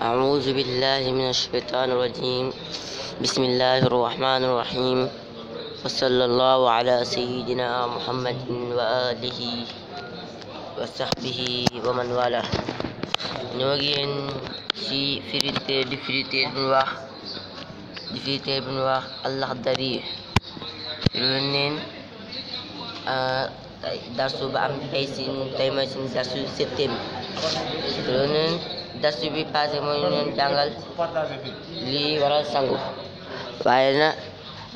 أعوذ بالله من الشيطان الرجيم بسم الله الرحمن الرحيم وصلى الله على سيدنا محمد وآله وصحبه ومن والاه ñoo ngi yéen ci firiteer di firiteer bu ñu wax di firiteer bu ñu wax allah dari loolu neen ah, darsu ba am tey si tey ma si darsu septembre loolu neen darsu bi passé moo ñu jàngal lii waral sangu waaye na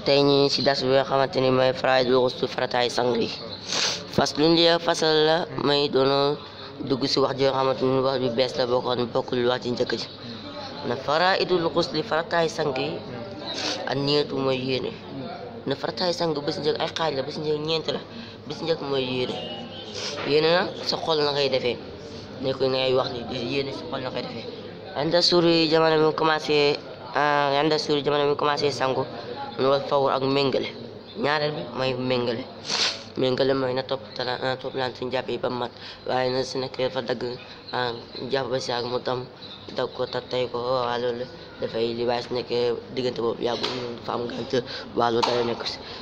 tey ñi ci darsu bi nga xamante ni mooy faraa'idul ghusl farataay sangu yi fas lu ñu fasal la may doonoo dugg ci wax ji nga xamante ni wax ju bees la boo ko xam wax ji njëkk ji na faraa'idul ghusl farataay sangu yi ak niyetu mooy yéene na farataay sangu ba ci njëkk ay xaaj la ba ci njëkk ñeent la ba ci njëkk mooy yéene yéene na sa xol na ngay defee ne ko ngay wax ni di yéene si xol na koy defee anda suur yi jamono bi mu commencé anda a yi jamono bi mu commencé sangu nu wal fawr ak méngale ñaareel bi mooy méngale méngale mooy na topp tala na topp laan suñu jàpp waaye na si nekk dafa dagg ah, ba si ak mu dam dag ko ta tay ko waa loolu dafay li waaye su nekkee diggante boobu yàggu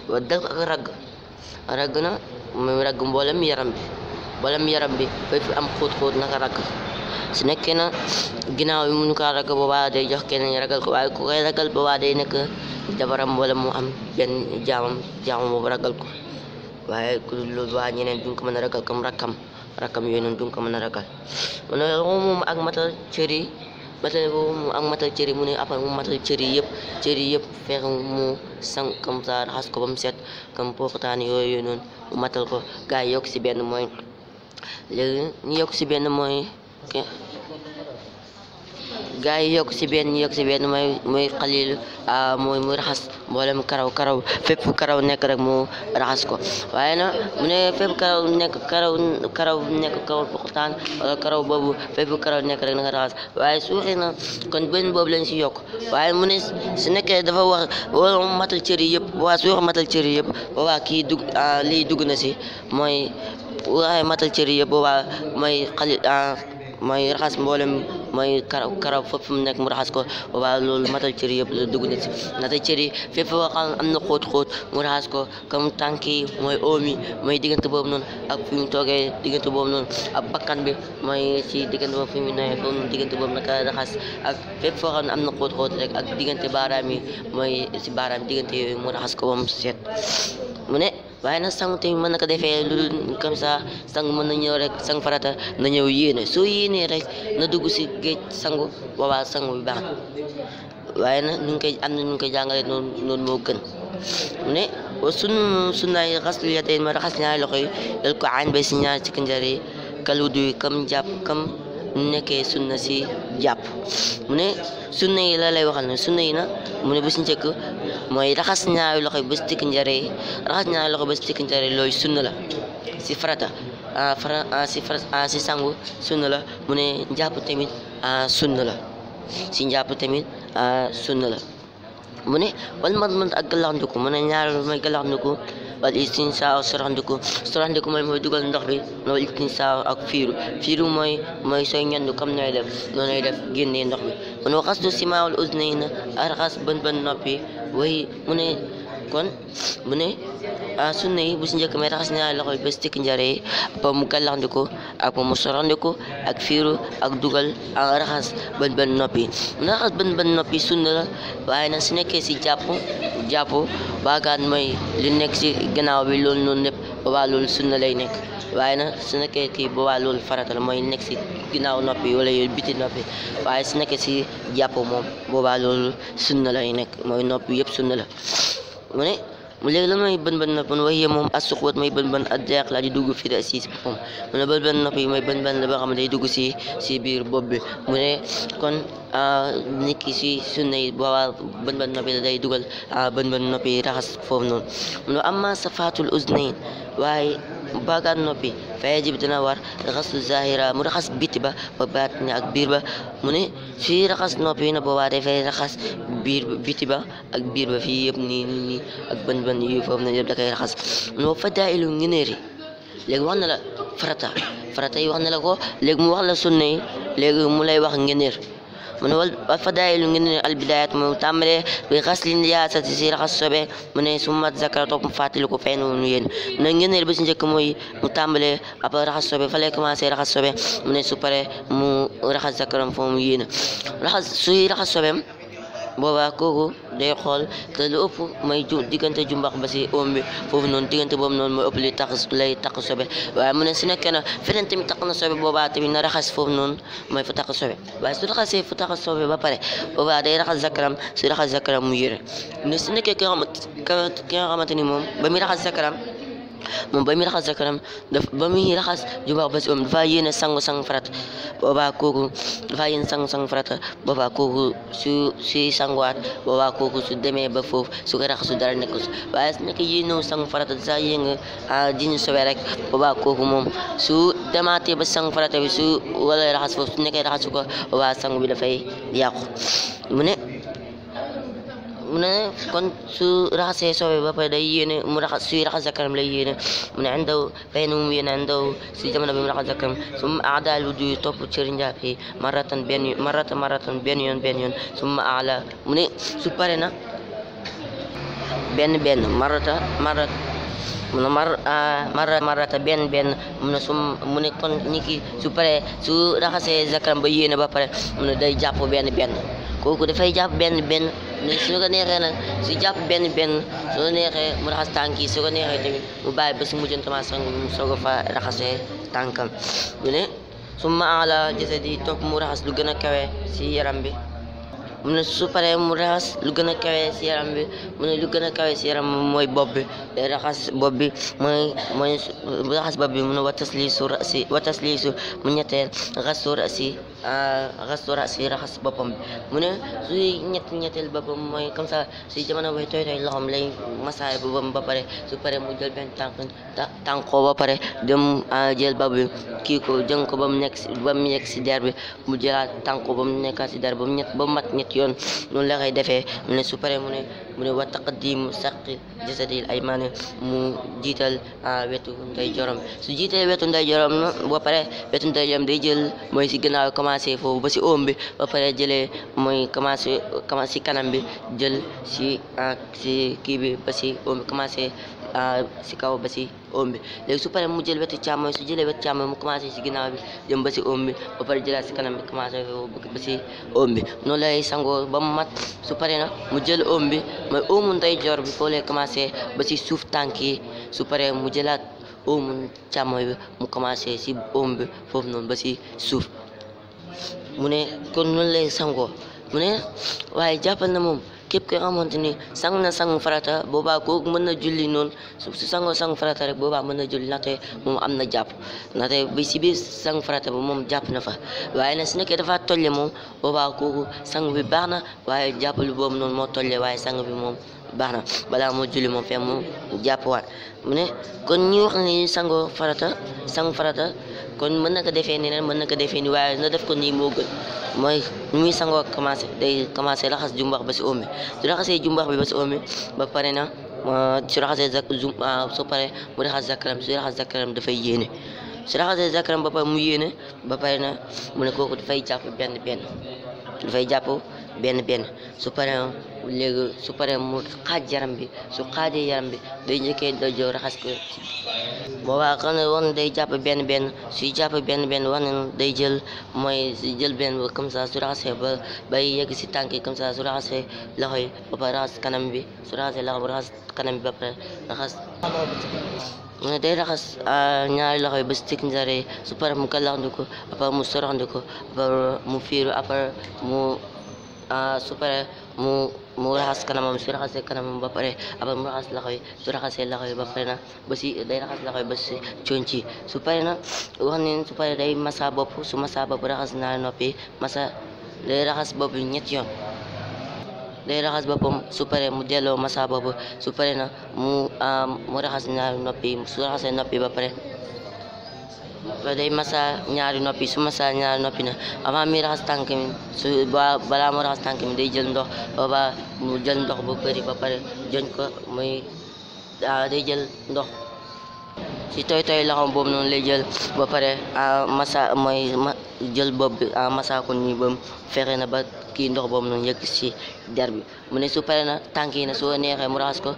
dafa na mu ragg mboolem yaram bi mboolem yaram bi ba fi am xóot-xóot naka ragg su nekkee na ginnaaw bi mënu kaa ragg boobaa day jox keneen ragal ko waaye ku koy ragal boobaa day nekk jabaram wala mu am benn jaamam jaamam boobu ragal ko waaye ku dul loolu waa ñeneen duñ ko mën a ragal comme rakkam rakkam yooyu noonu a ragal mu ne moom ak matal mu ne mu matal cër yi yëpp cër yëpp fexe mu sang comme ça raxas ko gaa yokk si benn mooy léegi ñu yokk si benn mooy gaa yokk si benn ñu yokk si benn mooy mooy xalil mooy mu raxas mboolem karaw karaw fépp karaw nekk rek mu raxas ko waaye nag mu ne fépp karaw nekk karaw karaw boobu fépp karaw nekk na waaye suuxi na kon benn boobu lañ si yokk waaye mu ne su nekkee dafa wax wala matal cër yëpp waa suuxi matal cër yëpp boobaa kii dugg lii dugg na si mooy waaye matal cër yi boobaa mooy xali ah, mooy raxas mboolem mooy karaw karaw fépp mu nekk mu raxas ko boobaa loolu matal cër yëpp dugg na ci nata cër yi fépp am na xóot xóot mu raxas ko comme tànk yi mooy oom mooy diggante boobu noonu ak fu ñu toogee diggante boobu noonu ak bakkan bi mooy ci diggante boobu fu ñu noyee foofu noonu diggante boobu naka raxas ak fépp foo xam ne am na xóot xóot rek ak diggante baaraam yi mooy si baaraam diggante yooyu mu raxas ko ba mu seet mu waaye nag sangu tamit mën na ko defee lu dul comme mën na ñëw rek sang farata na ñëw yéene soo yéenee rek na dugg si géej sangu boobaa sangu bi baax waaye nag ñu ngi koy am na koy jàngale noonu noonu moo gën ne sun sunnaay xaslu raxas ñaari loxo yi lal ko si ñaari ci kanjar yi kalu duy kam jàpp kam nekkee sunna si jàpp mu ne sunna yi la lay waxal ne sunna yi na mu ne bu si njëkk mooy raxas ñaari loxo ba si tikk njare raxas ñaari loxo ba si tikk la si farata ah, ah, si fara ah sangu sunna la mu ne njàpp tamit ah la si njàpp tamit ah la mu ne wal man man ak gàllankoor mu ne ñaar mooy gàllankoor. wal istinsaaw soraxndiku soraxndiku mooy mooy dugal ndox bi wal istinsaaw ak fiiru fiiru mooy mooy sooy ñandu comme nooy def noonu def génnee ndox bi kon waxas du simaawul usnayna arxas bën bën noppi way mu ne kon mu ne Ah, sunna yi bu si njëkk may raxas naa loxo yi ba si tikk njare ba mu gàllaxndiku ak mu sorandiku ak fiiru ak dugal ak raxas ba bën noppi raxas bën bën noppi sunna la waaye si jàpp jàpp baagaat mooy li nekk si gannaaw bi loolu noonu lépp boobaa loolu sunna lay nekk waaye nag su nekkee kii boobaa loolu farata mooy nekk si ginnaaw noppi wala yooyu biti noppi waaye su nekkee si jàpp moom boobaa loolu sunna lay nekk mooy noppi yëpp sunna la mu léegi lan mooy bën bën nopp mu ne waxee moom asuqwat mooy bën bën ak jaax di dugg fi si si boppam mu ne bën bën nopp yi mooy bën bën la boo xam ne day dugg si si biir bopp bi mu ne kon ah, nit ki si sunna yi boobaa nopp la day dugal ah, bën bën nopp yi raxas foofu noonu mu ne baagaat noppi fa yajib dana war raxasu zahira mu raxas biti ba ba baat ne ak biir ba mu ne fii raxas noppi na boobaa dafay raxas biir biti ba ak biir ba fii yëpp nii nii nii ak bën bën yi foofu na da koy raxas no fa daa ilu ngineeri léegi wax na la farata farata yi wax na la ko léegi mu wax la sunna yi léegi mu lay wax ngeneer mu ne wal fadaayilu ngeen ne al bidaayat mu tàmbalee bi xasli nijaasati si raxas sobe mu ne summat zakara topp fàttali ko fay na mu yéen mu ne ngeen ne bi si njëkk mooy mu tàmbalee ab raxas sobe fa lay commencé raxas sobe mu ne su pare mu raxas zakaram foo mu yéen raxas suy raxas sobeem boobaa kooku day xool te lu ëpp may ju diggante jumbax ba si oom bi foofu noonu diggante boobu noonu mooy ëpp li tax lay taq sobe waaye mu ne su nekkee na feneen tamit taq na sobe boobaa tamit na raxas foofu noonu mooy fu taq sobe waaye su raxasee fu taq sobe ba pare boobaa day raxas zakaram su raxas zakaram mu yére mu ne su nekkee ki nga xamante ni moom ba muy raxas zakaram moom ba muy raxas zakanam daf ba muy raxas jumbax ba si om um, dafa yéene sangu sangu farata boobaa kooku dafa yéene sangu sangu farata boobaa kooku su suy sanguwaat boobaa kooku su demee ba foofu su ko raxasu dara nekk su waaye su nekk yéenewu sangu farata dafa yéene a dinu sobe rek boobaa kooku moom su demaatee ba sangu farata bi su wala raxas foofu su nekkee raxasu ko boobaa sangu bi dafay yàqu mu ne mu ne kon su raxasee sobe ba pare day yéene mu raxas suy raxas zakaram lay yéene mu ne andaw fay na mu yéene andaw si jamono bi mu raxas zakaram su ma aadaal wudu topp cër njàpp benn maratan maratan benn yoon benn yoon su ma aala mu ne su pare na benn benn marata marata mu ne marata benn benn mu su mu ne kon ni ki su pare su raxasee zakaram ba yéene ba pare mu ne day jàpp benn benn kooku dafay jàpp benn benn mais su neexee nag si jàpp benn benn su neexee mu raxas tànk yi su ko neexee tamit mu bàyyi ba su mujjantamaa sang mu soog a raxasee tànkam mu ne su ma ala jasadi topp mu raxas lu gën a kawe si yaram bi mu ne su paree mu raxas lu gën a kawe si yaram bi mu ne lu gën a kawe si yaram mooy bopp bi raxas bopp bi mooy mooy raxas bopp bi mu ne wa tasliisu rasi wa tasliisu mu ñetteel raxasu rasi ah, raxasu rasi raxas boppam bi mu ne suy ñett ñetteel boppam mooy comme ça suy jamono bay tooy tooy loxom lay masaay boppam ba pare su paree mu jël benn tànk tànkoo ba pare dem ah, jël bopp bi kii ko jëng ko ba mu nekk ba mu yegg si der bi mu jëlaat tànk ko ba mu nekkaat si der ba mu ñett ba mat ñett ñetti yoon noonu la koy defee mu ne su paree mu ne mu ne wa taqdimu saqi jasadil aymaani mu jiital ah, wetu nday jorom su jiitalee wetu nday jorom ba pare wetu nday jorom day jël mooy si gannaaw commencé foofu ba si oom bi ba pare jëlee mooy commencé commencé si kanam bi jël si ah, si kii bi ba si commencé si kaw ba si oom bi léegi su paree mu jël wetu càmmoñ su jëlee wetu càmmoñ mu commencé si ginnaaw bi jëm ba si oom bi ba pare jëlaat si kanam bi commencé ba si oom bi noonu lay sangoo ba mu mat su paree na mu jël oom bi mooy oomu ndeyjoor bi foo lay commencé ba si suuf tànk yi su paree mu jëlaat oomu càmmoñ bi mu commencé si oom bi foofu noonu ba si suuf mu ne kon noonu lay sangoo mu ne waaye jàppal na moom. képp ki nga xamante ni sang na sangu farata boobaa kooku mën na julli noonu su sangoo sangu farata rek boobaa mën na julli ndaxte moom am na jàpp ndaxte bi si biir sangu farata bi moom jàpp na fa waaye nag su nekkee dafa tolle moom boobaa kooku sang bi baax na waaye jàpp lu boobu noonu moo tollee waaye sang bi moom baax na balaa moo julli moom fee moom jàpp waat mu ne kon ñi wax ni sango farata sangu farata kon mën na ko defee nii nen mën na ko defee nii waaye na def ko nii moo gën mooy ñu muy sangoo commencé day commencé raxas jumbax ba si omi su raxasee jumbax bi ba si omi ba pare na su raxasee zak jum ah, su pare mu raxas zakaram su raxas zakaram dafay yéene su raxasee zakaram ba mu yéene ba pare na mu ne kooku dafay jàpp benn benn dafay jàpp benn benn su pare léegi su pare mu xaaj yaram bi su xaajee yaram bi day njëkkee dajoo raxas ko boobaa xana war na day jàpp benn benn suy jàpp benn benn war na day jël mooy jël benn ba comme ça su raxasee ba bay yegg si tànk yi comme ça su raxasee loxo yi ba pare raxas kanam bi su raxasee loxo bi raxas kanam bi ba pare raxas mu day raxas ah, ñaari loxo yi ba si tikk njare su pare mu gàllandiku après mu soroxandiku après mu fiiru après mu ah, su pare mu mu raxas kanamam su raxasee kanamam ba pare après mu raxas loxo yi su raxasee loxo yi ba pare na ba si day raxas loxo yi ba si coon ci su pare na wax ne su pare day masa bopp su masa bopp raxas naa noppi masa day raxas bopp ñetti yoon day raxas boppam su pare mu delloo masa bopp su pare na mu ah, mu raxas naa noppi su raxasee noppi ba pare day massa ñaari noppi su massa ñaari noppi na avant mi raxas tànk mi su ba balaa mu raxas tànk day jël ndox ba mu jël ndox bu bëri ba pare joñ ko muy ah, day jël ndox ci toy toy loxoom boobu noonu lay jël ba pare ah, massa mooy jël bopp bi ah, massa ko nii ba fexe na ba kii ndox boobu noonu yëg ci der bi mu ne su pare na tànk yi na soo neexee mu raxas ko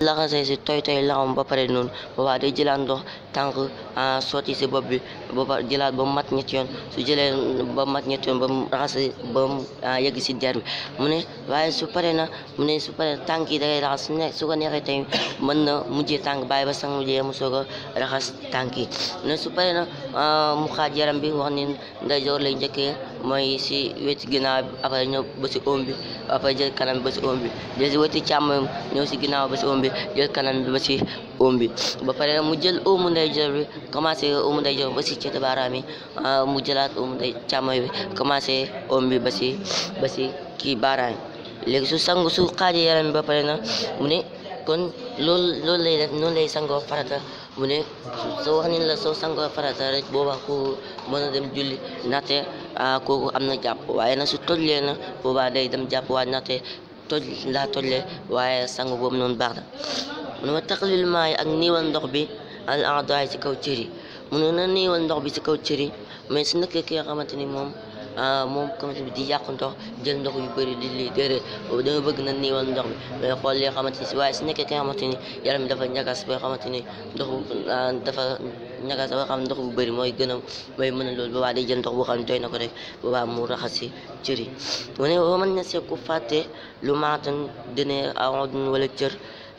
laxasee si toy toy laxam ba pare noonu boobaa day jëlaat ndox tànk ah, sotti si bopp bi booba jëlaat ba mat ñetti yoon su jëlee ba mat ñetti yoon ba mu raxas ba mu ah, yegg si der bi mu ne waaye su pare na mu ne su pare tànk yi da ngay raxas su ne su ko neexee tey mën na mujjee tànk bàyyi ba sang mu jee mu soog raxas tànk yi mu ne su pare na ah, mu xaaj yaram bi wax ni ndeyjoor lay njëkkee mooy si wetu ginnaaw bi après ñëw ba si oom bi après jël kanam bi ba si oom bi jël si wetu càmmoñ ñëw si ginnaaw ba si oom bi jël kanam bi ba si oom bi ba pare mu jël oomu ndeyjoor bi commencé oomu ndeyjoor bi ba si cëtu baaraam yi ah, mu jëlaat oomu ndey càmmoñ bi commencé oom ba si ba si kii baaraam yi léegi su sangu su xaaji yaram bi ba pare na mu ne kon lool loolu lay def lay sangoo farata mu ne soo wax ni la soo sangoo farata rek booba ku mën a dem julli naate ah kooku am na jàpp waaye nag su tojlee na boobaa day dem jàpp waa naxte toj laa tojlee waaye sangu boobu noonu baax na mu ne wa taqlil maay ak niiwal ndox bi al a'daay ci kaw cëri mu ne na niiwal ndox bi ci kaw cëri mais su nekkee ki nga xamante ni moom Ah, moom comité bi di yàq ndox jël ndox yu bëri di lii déedéet dama bëgg na niiwal ndox mi mais xool li xamante ni si waaye su nekkee ki nga xamante ni yaram dafa ñagas ba nga xamante ni ndox ah, dafa ñagas ba xam ndox bu bëri mooy gën a mooy mën a loolu boobaa day jël ndox boo xam ne doy na ko rek boobaa mu raxasi cër yi mu ne mën na see lu maat lu maatan dine aodun wala cër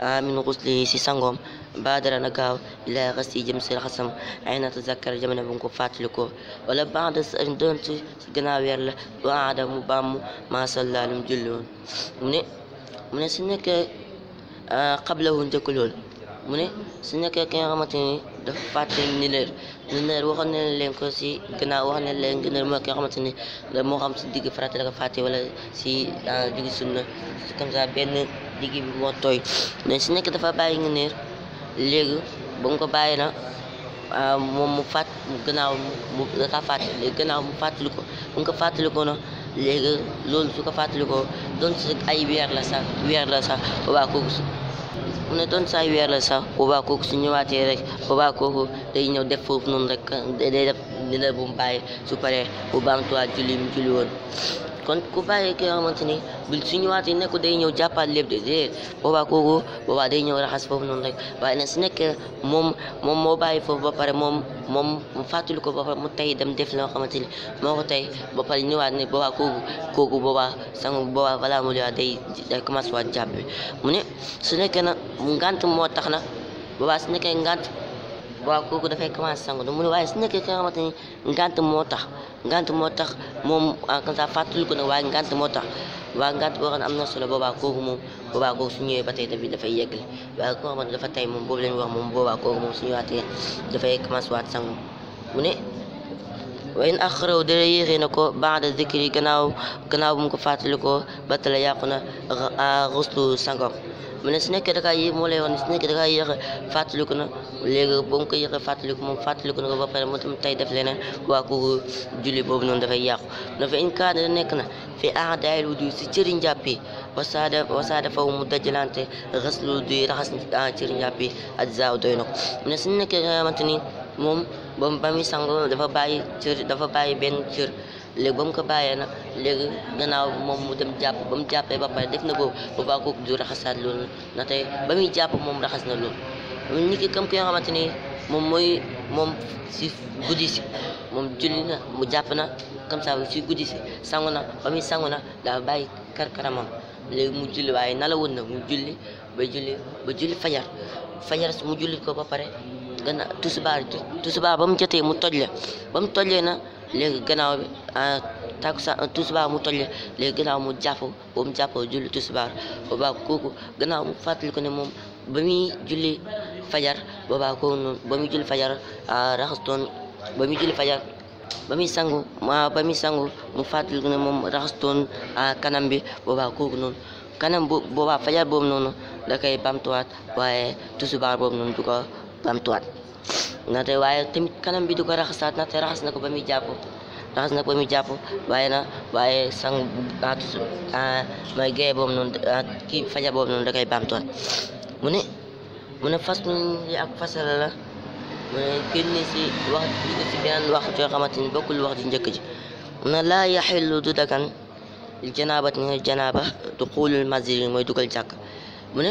ah, min rusli si sangoom baadara na gaaw ilaa xas yi jëm seen xasam ay na tazakkar jamono bu nga ko fàttalikoo wala banda sa doonte si gannaaw weer la waada mu bàmmu masalla mu julli woon mu ne mu ne su nekkee xablahu njëkk loolu mu ne su nekkee ki nga xamante ni dafa fàtte ni leer ni leer waxoon ne leen si gannaaw wax ne leen gënal mooy xamante ni moo xam si digg farata la ko fàtte wala si digg sunna comme ça benn digg moo tooy mais su nekk dafa bàyyi nga neer léegi ba mu ko bàyyi na ah, moom mu fàtt mu gannaaw mu daka fàtt mu fàttali ko bu ko fàttalikoo na léegi loolu su ko fàttalikoo doon si ay weer la sax weer la sax boobaa kooku si mu weer la sax boobaa kooku su ñëwaatee rek boobaa kooku day ñëw def foofu noonu rek day def dina bu mu bàyyi su paree bu baamtuwaat julli mu julli woon kon ku bàyyi ki nga xamante ni bu suñu waatee nekku day ñëw jàppaat lépp de dee boobaa kooku boobaa day ñëw raxas foofu noonu rek waaye nag su nekkee moom moom moo bàyyi foofu ba pare moom moom mu fàttali ko ba pare mu tey dem def loo xamante ni moo ko tey ba pare ñëwaat ne boobaa kooku kooku boobaa sang boobaa balaa mu liwaat day day commencé waat jàpp bi mu ne su nekkee na ngant moo tax na boobaa su nekkee ngant waaw kooku dafay commencé sangu mu ne waaye su nekkee ki nga xamante ni ngant moo tax ngant moo tax moom comme ça fàttali ko ne waaye ngant moo tax waaw ngant boo xam ne am na solo boobaa kooku moom boobaa kooku su ñëwee ba tey tamit dafay yeggali waaye ko xamante dafa tey moom boobu lañ wax moom boobaa kooku moom su ñëwaatee dafay commencé waat sangu mu ne wa in axaraw dara yéexee na ko baada zikri gannaaw gannaaw bu mu ko fàttali ba tala yàqu na xuslu sangam mu ne su nekkee dakaa yéex moo lay wax ne su nekkee dakaa yéex fàttaliku na léegi ba mu ko yéex fàttaliku moom fàttaliku na ko ba pare moo tam tey def leneen waa kooku julli boobu noonu dafay yàqu dafa in kaana nekk na fi aadaayil wudu si cëri njàpp yi wasaada wasaada faw mu dajalante xaslu duy raxas ah, cëri njàpp yi ak zaaw doy na ko mu ne su moom ba ba muy sango dafa bàyyi cër dafa bàyyi benn cër léegi ba mu ko bàyyee nag léegi gannaaw moom mu dem jàpp ba mu jàppee ba pare def na boobu bu baa kooku du raxasaat loolu na tey ba muy jàpp moom raxas na loolu nit ki ki nga xamante ni moom mooy moom si guddi si moom julli na mu jàpp na comme ça si guddi si sangu na ba muy sangu na daa bàyyi karkaramam léegi mu julli waaye nalawoon na mu julli ba julli ba julli fajar fajar mu julli ko ba pare gannaaw tusubaar tusubaar ba mu jotee mu tojle ba mu tojlee na léegi gannaaw bi ah, takusaan tusubaar mu tojle léegi gannaaw mu jàpp ba mu jàppoo julli tusubaar boobaa kooku gannaaw mu fàttali ko ne moom ba muy julli fajar boobaa kooku noonu ba muy julli fajar ah, raxastoon ba muy julli fajar ba muy sangu ma ba muy sangu mu fàttali ko ne moom raxastoon ah, kanam bi boobaa kooku noonu kanam boobaa fajar boobu noonu da koy bamtuwaat waaye tusubaar boobu noonu du ba mu tuwaat ndaxte waaye tamit kanam bi du ko raxasaat ndaxte raxas na ko ba muy jàpp raxas na ko ba muy jàpp waaye na waaye sang ah, mooy gaye boobu noonu ah, kii fajar boobu noonu da koy baamtuwaat mu ne mu ne fas li ak fasala la mu ne génne si wax jóge si beneen wax ni bokkul wax di njëkk ji mu ne laa yaxillu du dagan il janaabat ni janaaba duxulul masjid mooy dugal jàkk mu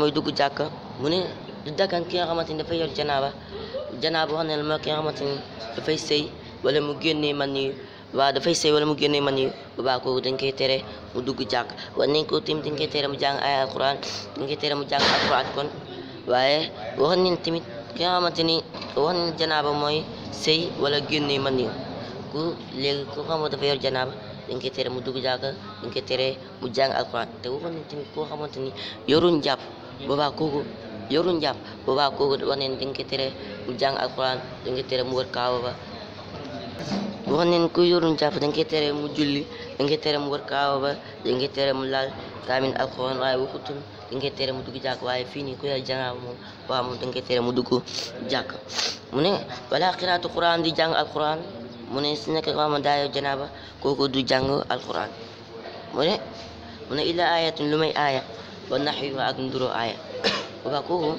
mooy dugg jàkk mu ne du dagan ki nga xamante ni dafay yor janaaba janaaba wax ne la mooy ki nga dafay sëy wala mu génne man ni waaw dafay sëy wala mu génnee man ni bu baax dañ koy tere mu dugg jàkk wala nañ ko tamit dañ koy tere mu jàng ay alquran dañ koy tere mu jàng alquran waaye wax nañ tamit ki nga xamante ni wax mooy sëy wala génnee man ni ku léegi ku xamante dafa yor dañ koy tere mu dugg jàkka dañ koy tere mu jàng alquran te koo xamante ni yoruñ jàpp yoru njàpp boobaa kooku waneen dañ ko tere mu jàng alquran dañ ko tere mu wër kaaba ba ku yoru njàpp dañ ko tere mu julli dañ tere mu wër kaaba ba tere mu laal kaamin alquran waaye waxutum dañ tere mu dugg jàkk waaye fii nii ku yor janaaba moom waaw moom tere mu dugg jàkk mu ne wala qiraatu quran di jàng alquran mu ne si nekk xam ne janaaba kooku du jàng alquran mu mu ne illa ayatin lu aaya wa waaw kooku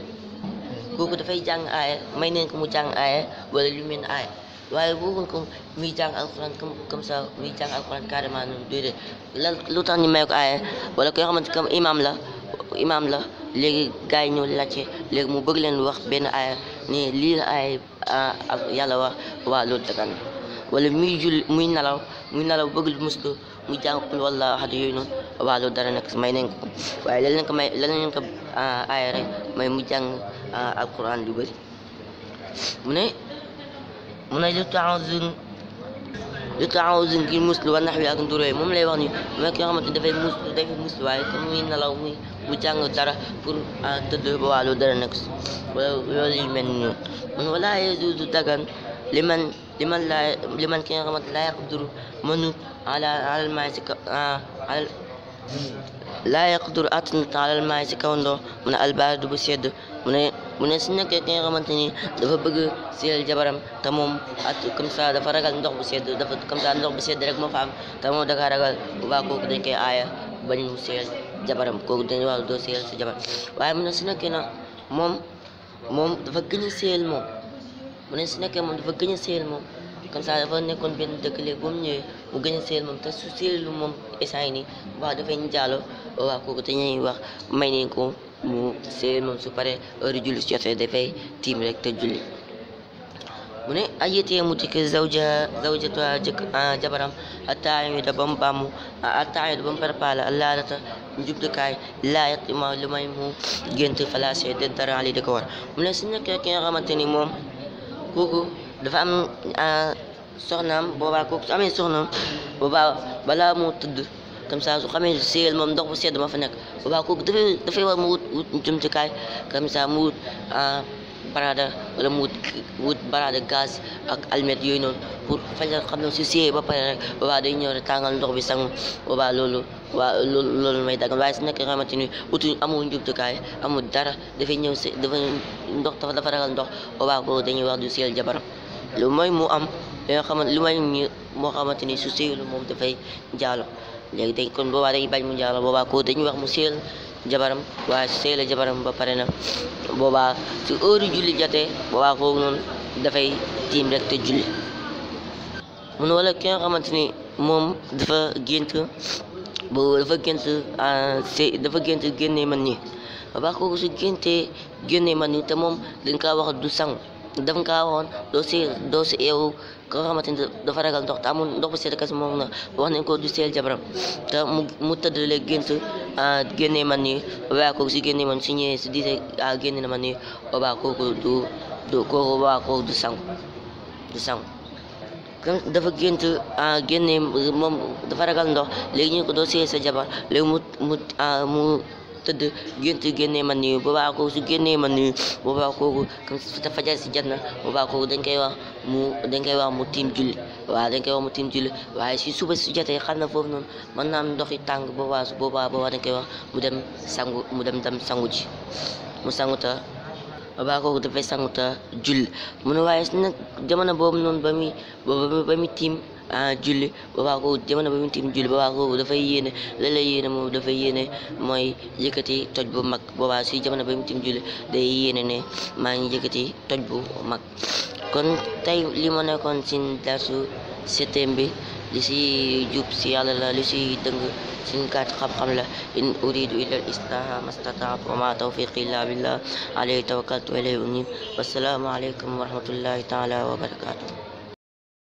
kooku dafay jàng aaya may neen ko mu jàng aaya wala lu mel aaya waaye boobu ko muy jàng alxuraan comme comme ça muy jàng alxuraan carrément noonu déedéet lan lu tax ñu may ko aaya wala koo xamante comme imaam la imaam la léegi gaa yi ñëw laajte léegi mu bëgg leen wax benn aaya ne lii la aaya ah, yàlla wax waa loolu dagan wala muy jul muy nalaw muy nalaw bëgg lu mus muy jàng xul wallaahu ahad yooyu noonu waaw loolu dara nag may nañ ko waaye lan lañ ko may lan ah, may mu jàng ah, alquran lu bëri mu ne mu ne li taawuzun li taawuzun wa ak nduróoy moom lay wax ni mooy ki dafay muslu waaye comme muy nalaw muy mu jàng dara oh, pour ah, tëdd ba waaw loolu dara nag wala loolu yu dagan liman liman laa liman ki nga xamante ala alal laa yaqdur attan taalal maay ci kaw ndox a ne albaardu bu sedd mu ne mu ne su nekkee ki ni dafa bëgg seel jabaram te moom at comme ça dafa ragal ndox bu sedd dafa comme ça ndox bu sedd rek moo fa am te moom da ragal bu baax kooku dañ koy aaya bañ mu seel jabaram kooku dañ wax doo seel sa jabar waaye mu ne su nekkee na moom moom dafa gën a seel moom mu ne su nekkee moom dafa gën a seel moom comme ça nekkoon benn dëkk ñëwee mu gën a seel moom te su seelu moom instant yi nii waaw dafay njaalo waaw kooku te ñuy wax may nañ ko mu seel moom su paree heure julli su jotee dafay tiim rek te julli mu ne ayetee mu dikk zawja zawjatu jëkk ah, jabaram ataayu da bam bàmmu ataayu ah, da bam parpaala allaadata njubtukaay laa yatima lu may mu gént falaase de dara li di ko war mu ne su nekkee ki nga xamante ni moom kooku dafa am ah, soxnaam boobaa kooku su amee soxnaam boobaa balaa moo tëdd comme ça su xamee séyal moom ndox bu sedd ma fa nekk boobaa kooku dafay dafay war mu wut wut jumtukaay comme mu wut ah, barada wala mu gaz ak almet yooyu noonu pour faj xam ne su ba pare rek day ñëw rek tàngal ndox bi sangu boobaa loolu loolu may daggal waaye su nekk xamante ni utuñ amul njumtukaay amul dara dafay ñëw si dafa ndox dafa dafa ndox boobaa kooku dañuy wax du séyal jabaram lu mooy mu am dañoo xamante lu may moo xamante ni su séyul moom dafay jaalo léegi dañ kon boobaa dañuy bañ mu jaalo boobaa ko dañuy wax mu séyal jabaram waaye su jabaram ba pare na boobaa su heure julli jotee boobaa kooku noonu dafay tiim rek te julli mun wala ki xamante ni moom dafa gént boobu dafa gént ah, sé dafa gént génnee man nii boobaa kooku su géntee génnee man nii te moom dañ kaa wax du sangu dafa kaa waxoon doo si doo si eewu ka nga dafa ragal ndox te amul ndox bu sedd kese moom na wax nañ ko du seel jabaram te mu mu tëdd léegi gént ah, génnee man nii obaa si génnee man si ñëwee si diise ah, génne na man nii obaa kooku du du kooku obaa kooku du sangu du sangu dafa gént ah, génnee moom dafa ragal ndox léegi ñu ko doo seel sa jabar léegi mu mu mu tëdd gént génnee man nii boobaa kooku su génnee man nii boobaa kooku comme su ta fajar si jot na boobaa kooku dañ koy wax mu dañ koy wax mu tiim julli waaw dañ koy wax waaye si suba si na foofu noonu mën naa am ndoxi tàng boobaa su boobaa boobaa dañ mu dem sangu mu dem tam sangu ji mu sangu ta boobaa kooku dafay sangu boobu noonu ba muy tiim ah julli boobaa ko jamono ba mu tiim julli boobaa ko dafay yéene la lay yéene moom yéene mooy yëkkati toj bu mag boobaa si jamono ba mu tiim julli day yéene ne maa ngi yëkkati toj bu mag kon tey li ma nekkoon sin darsu septembre bi li si jub si yàlla la li si dëng sin kaat xam-xam la in uridu illa al islaha mastataatu wa ma tawfiqi illa billah alayhi tawakkaltu wa ilayhi unib wassalaamu aleykum wa rahmatullahi taala wa barakatuh